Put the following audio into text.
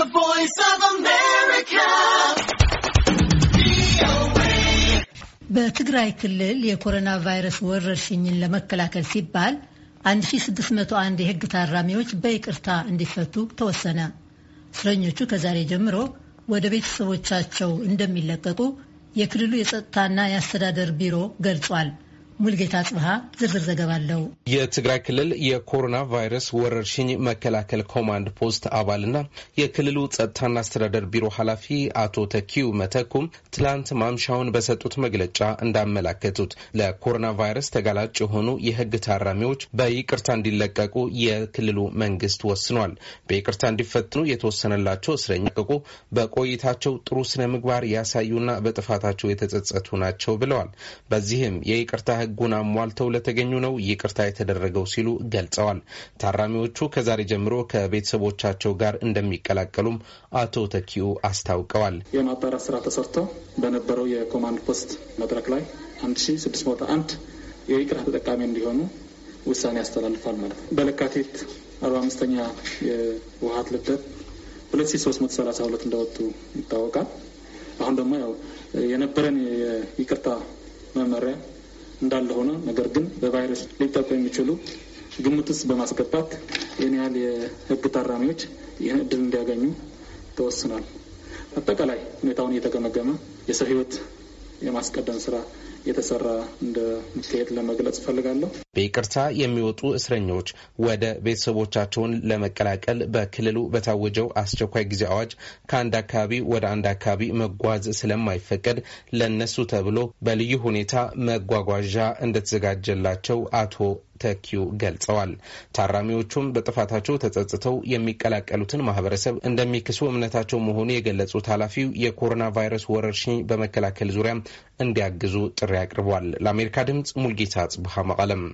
The Voice of America. በትግራይ ክልል የኮሮና ቫይረስ ወረርሽኝን ለመከላከል ሲባል 1601 የሕግ ታራሚዎች በይቅርታ እንዲፈቱ ተወሰነ። እስረኞቹ ከዛሬ ጀምሮ ወደ ቤተሰቦቻቸው እንደሚለቀቁ የክልሉ የጸጥታና የአስተዳደር ቢሮ ገልጿል። ሙልጌታ ጽብሃ ዝርዝር ዘገባ አለው። የትግራይ ክልል የኮሮና ቫይረስ ወረርሽኝ መከላከል ኮማንድ ፖስት አባልና የክልሉ ጸጥታና አስተዳደር ቢሮ ኃላፊ አቶ ተኪው መተኩም ትላንት ማምሻውን በሰጡት መግለጫ እንዳመላከቱት ለኮሮና ቫይረስ ተጋላጭ የሆኑ የህግ ታራሚዎች በይቅርታ እንዲለቀቁ የክልሉ መንግስት ወስኗል። በይቅርታ እንዲፈትኑ የተወሰነላቸው እስረኛ ቅቁ በቆይታቸው ጥሩ ስነ ምግባር ያሳዩና በጥፋታቸው የተጸጸቱ ናቸው ብለዋል። በዚህም የይቅርታ ሕጉን አሟልተው ለተገኙ ነው ይቅርታ የተደረገው ሲሉ ገልጸዋል። ታራሚዎቹ ከዛሬ ጀምሮ ከቤተሰቦቻቸው ጋር እንደሚቀላቀሉም አቶ ተኪዩ አስታውቀዋል። የማጣራት ስራ ተሰርቶ በነበረው የኮማንድ ፖስት መድረክ ላይ 1601 የይቅርታ ተጠቃሚ እንዲሆኑ ውሳኔ ያስተላልፋል ማለት ነው። በለካቴት 45ኛ የውሀት ልደት 2332 እንደወጡ ይታወቃል። አሁን ደግሞ ያው የነበረን የይቅርታ መመሪያ እንዳለ ሆነ፣ ነገር ግን በቫይረስ ሊጠቁ የሚችሉ ግምትስ በማስገባት ይህን ያህል የህግ ታራሚዎች ይህን እድል እንዲያገኙ ተወስኗል። አጠቃላይ ሁኔታውን እየተገመገመ የሰው ህይወት የማስቀደም ስራ የተሰራ እንደምትሄድ ለመግለጽ እፈልጋለሁ። በይቅርታ የሚወጡ እስረኞች ወደ ቤተሰቦቻቸውን ለመቀላቀል በክልሉ በታወጀው አስቸኳይ ጊዜ አዋጅ ከአንድ አካባቢ ወደ አንድ አካባቢ መጓዝ ስለማይፈቀድ ለነሱ ተብሎ በልዩ ሁኔታ መጓጓዣ እንደተዘጋጀላቸው አቶ ተኪው ገልጸዋል። ታራሚዎቹም በጥፋታቸው ተጸጽተው የሚቀላቀሉትን ማህበረሰብ እንደሚክሱ እምነታቸው መሆኑ የገለጹት ኃላፊው የኮሮና ቫይረስ ወረርሽኝ በመከላከል ዙሪያ እንዲያግዙ ጥሪ አቅርቧል። ለአሜሪካ ድምጽ ሙልጌታ ጽብሃ መቀለም